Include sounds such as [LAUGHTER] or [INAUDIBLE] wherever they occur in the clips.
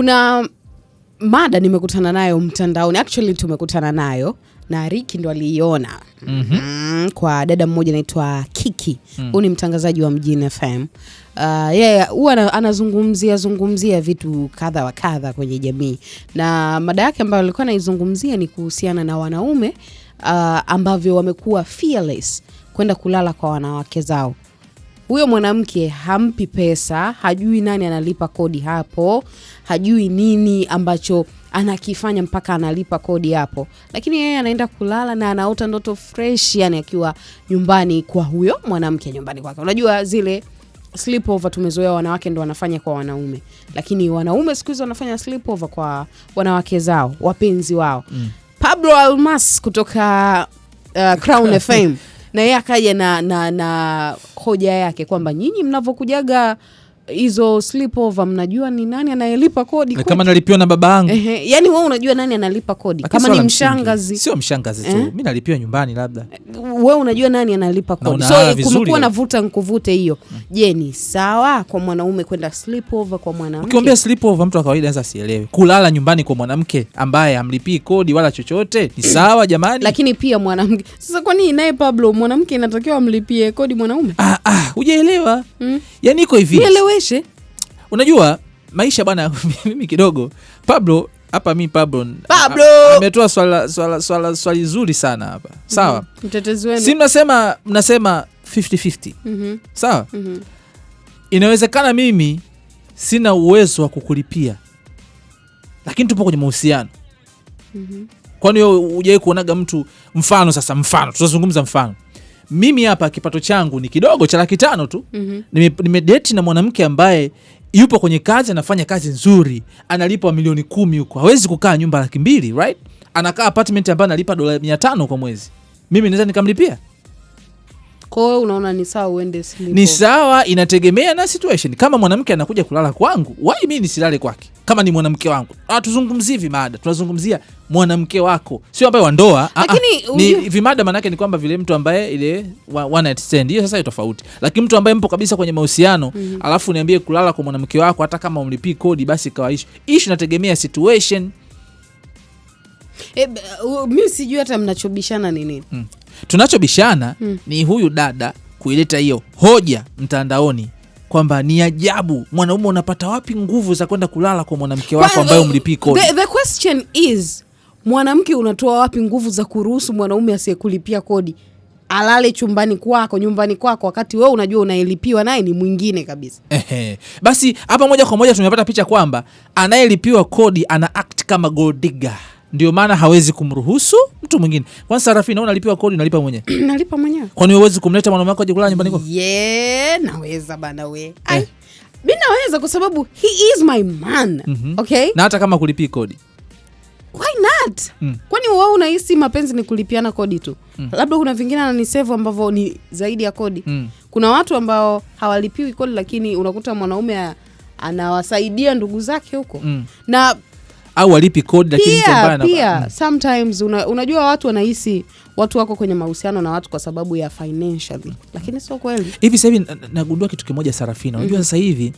kuna mada nimekutana nayo mtandaoni, actually tumekutana nayo na Riki ndo aliiona mhm. mm -hmm. kwa dada mmoja anaitwa Kiki mm. huyu mm. ni mtangazaji wa Mjini FM uh, yeye huwa anazungumzia zungumzia vitu kadha wa kadha kwenye jamii, na mada yake ambayo alikuwa anaizungumzia ni kuhusiana na wanaume uh, ambavyo wamekuwa fearless kwenda kulala kwa wanawake zao huyo mwanamke hampi pesa, hajui nani analipa kodi hapo, hajui nini ambacho anakifanya mpaka analipa kodi hapo, lakini yeye anaenda kulala na anaota ndoto fresh, yani akiwa nyumbani kwa huyo mwanamke nyumbani kwake. Unajua zile sleepover tumezoea wanawake ndo wanafanya kwa wanaume, lakini wanaume siku hizi wanafanya sleepover kwa wanawake zao, wapenzi wao. Mm. Pablo Almas kutoka uh, Crown [LAUGHS] FM na yeye akaja na, na, na hoja yake kwamba nyinyi mnavyokujaga hizo slipover mnajua ni nani anayelipa kodi kwetu? Kama nalipiwa na baba yangu. Ehe, yani wewe unajua nani analipa kodi? Ah, kama ni mshangazi. Sio mshangazi tu. Mimi eh? nalipiwa nyumbani labda. Wewe unajua nani analipa kodi. So eh, kumekuwa na vuta nikuvute hiyo. Mm. Je, ni sawa kwa mwanaume kwenda slipover kwa mwanamke? Ukiambia slipover mtu wa kawaida anaweza asielewe. Kulala nyumbani kwa mwanamke ambaye amlipii kodi wala chochote ni sawa jamani? Lakini pia mwanamke. Sasa kwa nini naye Pablo mwanamke inatakiwa amlipie kodi mwanaume? Ah ah, hujaelewa. Mm. Yaani iko hivi. Nielewe maisha, unajua maisha bwana [LAUGHS] mimi kidogo Pablo hapa mi Pablo ametoa swali zuri sana hapa mhm. sawa. mm -hmm. si mnasema mnasema 50 mm -hmm. sawa. mm -hmm. inawezekana mimi sina uwezo wa kukulipia lakini tupo kwenye mahusiano. mm -hmm. kwani ujawai kuonaga mtu mfano, sasa mfano tutazungumza mfano mimi hapa kipato changu ni kidogo cha laki tano tu mm -hmm. nimedeti na mwanamke ambaye yupo kwenye kazi, anafanya kazi nzuri, analipwa milioni kumi huko, awezi kukaa nyumba laki mbili right? Anakaa apartment ambayo analipa dola mia tano kwa mwezi, mimi naweza nikamlipia? unaona ni sawa uende Ni sawa, inategemea na situation. Kama mwanamke anakuja kulala kwangu, wai mimi nisilale kwake? kama ni mwanamke wangu. Hatuzungumzii ah, vimada, tunazungumzia mwanamke wako, sio ambaye wa ndoa. Ah, ah. Ni vimada maanake ni kwamba vile mtu ambaye ile hiyo sasa tofauti, lakini mtu ambaye mpo kabisa kwenye mahusiano mm -hmm. alafu niambie kulala kwa mwanamke wako, hata kama umlipii kodi, basi kawaishu ishu nategemea situation E, mi sijui hata mnachobishana nini? Mm. Tunachobishana mm. ni huyu dada kuileta hiyo hoja mtandaoni kwamba ni ajabu mwanaume unapata wapi nguvu za kwenda kulala kwa mwanamke wako ambaye umlipii kodi. The, the question is mwanamke unatoa wapi nguvu za kuruhusu mwanaume asiyekulipia kodi alale chumbani kwako nyumbani kwako, wakati wewe unajua unayelipiwa naye ni mwingine kabisa. Ehe, basi hapa moja kwa moja tumepata picha kwamba anayelipiwa kodi ana act kama gold ndio maana hawezi kumruhusu mtu mwingine. Kwanza Sarafina, unalipiwa kodi, unalipa mwenyewe? [CLEARS THROAT] Nalipa mwenyewe. Kwani uwezi kumleta mwanaume wako aje kulala nyumbani kwako? Yeah, naweza bana we. Ai. Mimi eh. naweza kwa sababu he is my man. Mm -hmm. Okay? Na hata kama kulipii kodi. Why not? Mm. Kwani wewe unahisi mapenzi ni kulipiana kodi tu? Mm. Labda kuna vingine ananisevu ambavyo ni zaidi ya kodi. Mm. Kuna watu ambao hawalipiwi kodi, lakini unakuta mwanaume anawasaidia ndugu zake huko. Mm. Na au walipi kodi, lakini mtu ambaye pia mm. sometimes una, unajua watu wanahisi watu wako kwenye mahusiano na watu kwa sababu ya financially, lakini sio kweli. Hivi sasa hivi nagundua kitu kimoja Sarafina, unajua mm -hmm. Sasa hivi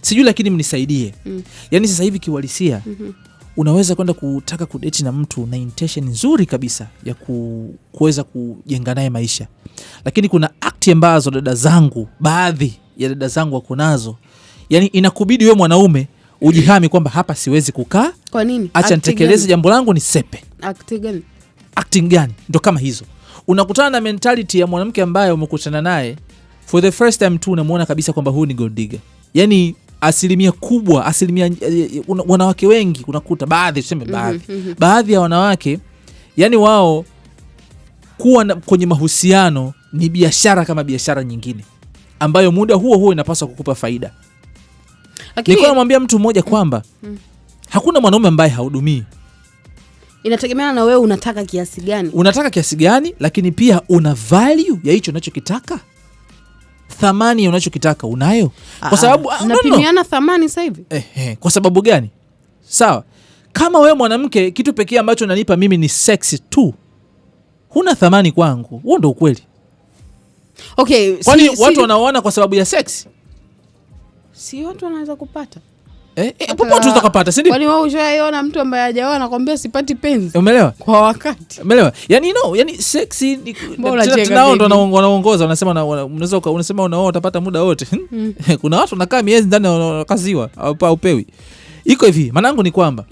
sijui, lakini mnisaidie mm -hmm. Yaani sasa hivi kiuhalisia mm -hmm. Unaweza kwenda kutaka kudeti na mtu na intention nzuri kabisa ya ku, kuweza kujenga naye maisha, lakini kuna akti ambazo dada zangu, baadhi ya dada zangu wako nazo, yani inakubidi wewe mwanaume ujihami kwamba hapa siwezi kukaa. Kwa nini? Acha nitekeleze jambo langu, ni sepe gani? Acting gani? Ndo kama hizo unakutana na mentality ya mwanamke ambaye umekutana naye for the first time tu, unamwona kabisa kwamba huyu ni goldiga Yani asilimia kubwa, asilimia uh, wanawake wengi unakuta baadhi, tuseme mhm, baadhi, mm -hmm. baadhi ya wanawake yani wao kuwa na, kwenye mahusiano ni biashara kama biashara nyingine ambayo muda huo huo inapaswa kukupa faida. Nilikuwa namwambia mtu mmoja kwamba mm. hakuna mwanaume ambaye haudumii Inategemeana na wewe unataka kiasi gani, unataka kiasi gani, lakini pia una value ya hicho unachokitaka, thamani ya unachokitaka unayo, kwa ah, sababu ah, napimiana thamani sasa hivi eh, eh, kwa sababu gani? Sawa, kama wewe mwanamke, kitu pekee ambacho unanipa mimi ni seksi tu, huna thamani kwangu, huo ndo ukweli. Okay, kwani si, watu si... wanaoana kwa sababu ya seksi si watu wanaweza kupata Eh, eh, si Kwani wewe ushaiona mtu ambaye anakwambia sipati penzi? Umeelewa? Kwa wakati. Umeelewa? no, sexy ndo wanaongoza, wanasema unaweza unasema unaoa utapata muda wote. [LAUGHS] Mm. [LAUGHS] Kuna watu wanakaa miezi ndani Iko hivi, maanangu ni kwamba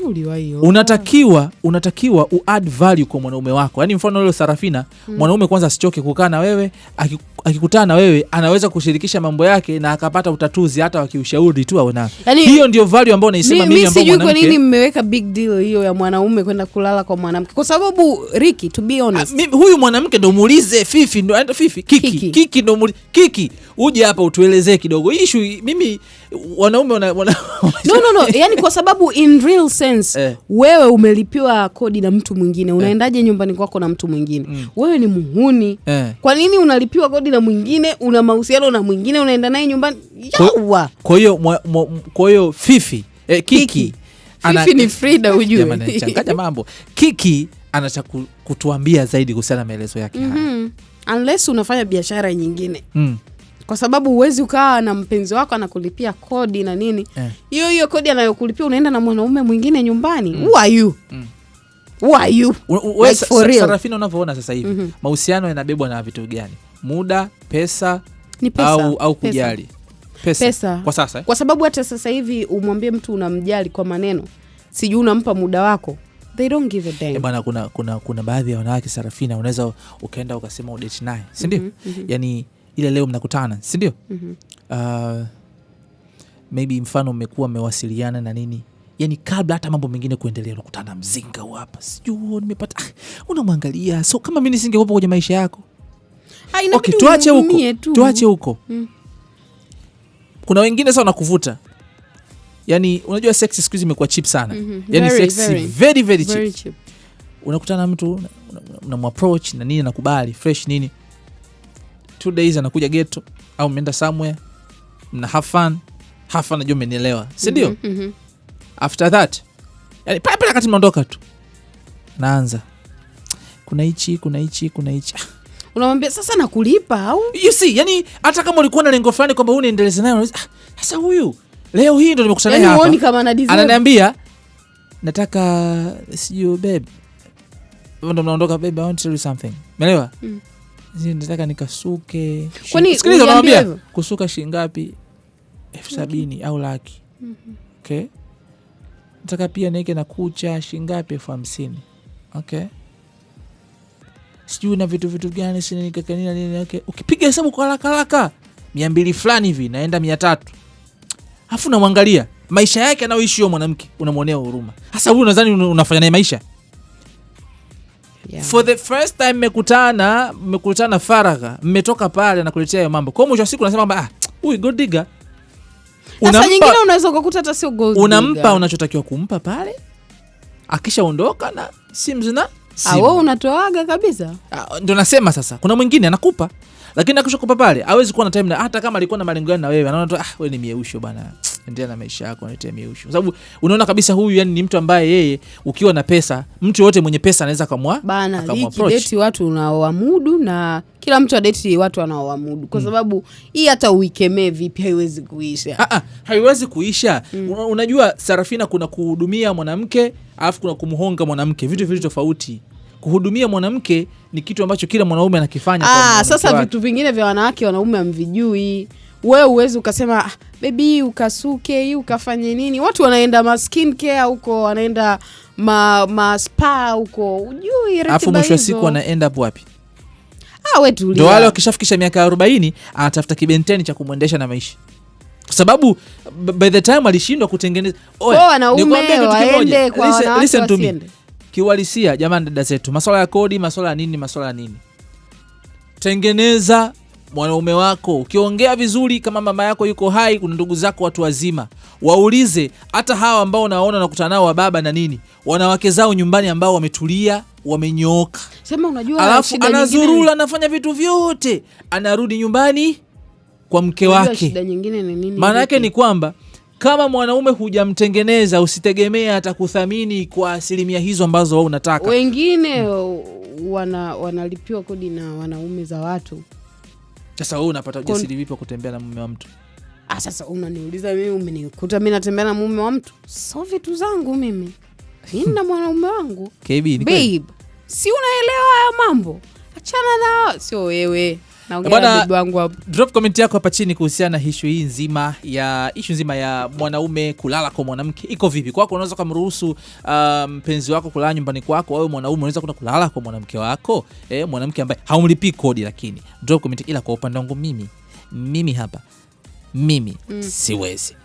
unatakiwa unatakiwa u add value kwa mwanaume wako. Yaani mfano leo Sarafina, mm. mwanaume kwanza asichoke kukaa na wewe, akikutana na wewe anaweza kushirikisha mambo yake na akapata utatuzi hata wakiushauri tu aona. Yani, hiyo ndio value ambayo naisema mimi. Mimi sijui kwa nini mmeweka big deal hiyo ya mwanaume kwenda kulala kwa mwanamke, kwa sababu Ricky, to be honest, a, ah, mimi, huyu mwanamke ndo muulize Fifi, ndo Fifi Kiki Kiki, Kiki ndo muulize Kiki, uje hapa utuelezee kidogo issue. Mimi wanaume wana, wana, [LAUGHS] no, no, no, yani kwa sababu in real sense eh, wewe umelipiwa kodi na mtu mwingine eh. unaendaje eh, nyumbani kwako na mtu mwingine mm, wewe ni muhuni eh, kwa nini unalipiwa kodi na mwingine, una mahusiano na mwingine, unaenda naye nyumbani. Yawa, kwa hiyo kwa hiyo Fifi eh, Kiki, Kiki. Ana, Fifi ni Frida, ujue changanya mambo. Kiki anacha kutuambia zaidi kuhusiana na maelezo yake mm -hmm. Unless unafanya biashara nyingine mm. Kwa sababu huwezi ukawa na mpenzi wako anakulipia kodi na nini eh. hiyo eh, hiyo kodi anayokulipia unaenda na mwanaume mwingine nyumbani. Mm. Who are you? Mm. Who are you? Sarafina, unavyoona sasa hivi mhm. mahusiano yanabebwa na vitu gani? muda, pesa, ni pesa au, au kujali pesa. Pesa. Pesa. Kwa sasa eh? Kwa sababu hata sasa hivi umwambie mtu unamjali kwa maneno, sijui unampa muda wako They don't give a damn. Eh, Bana, kuna, kuna, kuna baadhi ya wanawake Sarafina, unaweza ukaenda ukasema udate naye si ndio? mm -hmm, mm -hmm. Yani ile leo mnakutana si ndio? mm -hmm. Uh, maybe mfano mmekuwa mmewasiliana na nini, yani kabla hata mambo mengine kuendelea, unakutana mzinga hapa, sijui nimepata, ah, unamwangalia. So kama mi nisingekuwepo kwenye maisha yako Ah, okay, tuache huko, tuache huko. Mm. Kuna wengine sasa wanakuvuta yani, unajua sex siku hizi imekuwa cheap sana mm -hmm. yani sex very, very, very Very cheap. Unakutana na mtu unamapproach na nini, nakubali fresh nini, two days anakuja geto au mmeenda somewhere na have fun have fun, najua umenielewa, si ndio? mm -hmm. after that yani pale pale kati mnaondoka tu naanza kuna hichi kuna hichi kuna hichi ah unamwambia sasa nakulipa au you see, yani hata kama ulikuwa na lengo fulani kwamba unaendeleza nayo, ah, sasa huyu leo hii ndo nimekutana yaani naye hapa, yani ananiambia nataka sijui babe, ndo mnaondoka babe, I want to tell you something, umeelewa? mm. nataka nikasuke. Kwani sikiliza, unamwambia kusuka shilingi ngapi? elfu sabini au laki. mm -hmm. Okay, nataka pia niweke na kucha shilingi ngapi? elfu hamsini. Okay sijui na vitu vitu gani sinikakanina nini yake, ukipiga hesabu kwa haraka haraka mia mbili fulani hivi naenda mia tatu afu namwangalia maisha yake anayoishi huyo mwanamke unamwonea huruma. hasa huyu nadhani unafanya naye maisha yeah. For the first time mmekutana, mmekutana faragha, mmetoka pale anakuletea hiyo mambo kwao, mwisho wa siku nasema kwamba ah, huyu gold digger unampa, nyingine unaweza kukuta hata sio gold digger, unampa unachotakiwa kumpa pale, akishaondoka na simu zina Ah, wewe unatoaga kabisa. Ah, ndio nasema sasa, kuna mwingine anakupa lakini akishakupa pale hawezi kuwa na time na hata kama alikuwa na malengo yake na wewe, anaona tu ah, wewe ni mieusho bana, endelea na maisha yako, naleta mieusho. Kwa sababu unaona kabisa huyu yani ni mtu ambaye yeye, ukiwa na pesa, mtu yote mwenye pesa anaweza kamwa bana, date watu unaoamudu, na kila mtu adeti watu anaoamudu, kwa mm. sababu hmm, hii hata uikemee vipi haiwezi kuisha. Ah, ah, haiwezi kuisha hmm. Unajua Sarafina, kuna kuhudumia mwanamke alafu kuna kumhonga mwanamke, vitu vitu tofauti. Kuhudumia mwanamke ni kitu ambacho kila mwanaume anakifanya. Aa, ah, sasa vitu vingine vya wanawake wanaume hamvijui. Wewe uwezi ukasema ah, bebi, ukasuke hii ukafanye nini. Watu wanaenda ma care huko, wanaenda ma, ma spa huko, ujui ratiba afu mwisho wa siku wanaenda wapi? Ah, wewe tulia. Ndio wale wakishafikisha miaka 40 anatafuta kibenteni cha kumwendesha na maisha kwa sababu by the time alishindwa kutengeneza kiuhalisia. Jamani, dada zetu, masuala ya kodi, masuala ya nini, masuala ya nini, tengeneza mwanaume wako. Ukiongea vizuri, kama mama yako yuko hai, kuna ndugu zako watu wazima, waulize. Hata hawa ambao unaona unakutana nao wa baba na nini, wanawake zao nyumbani ambao wametulia wamenyooka, alafu anazurula, anafanya vitu vyote, anarudi nyumbani kwa mke wake. Maana yake ni kwamba kama mwanaume hujamtengeneza, usitegemee atakuthamini kwa asilimia hizo ambazo wewe unataka. Wengine hmm, wana, wanalipiwa kodi na wanaume za watu. Sasa wewe unapata ujasiri vipi kutembea na mume wa mtu? Ah, sasa unaniuliza mimi, umenikuta mimi natembea na mume wa mtu? So vitu zangu mimi na [LAUGHS] mwanaume wangu. KB, babe, si unaelewa haya mambo, achana nao, sio wewe. Eh, bwana, drop comment yako hapa chini kuhusiana na ishu hii nzima ya ishu nzima ya mwanaume kulala kwa mwanamke iko vipi kwako? Unaweza ukamruhusu uh, mpenzi um, wako kulala nyumbani kwako, au mwanaume unaweza kuna kulala kwa mwanamke wako eh, mwanamke ambaye haumlipii kodi? Lakini drop comment, ila kwa upande wangu mimi mimi hapa mimi mm, siwezi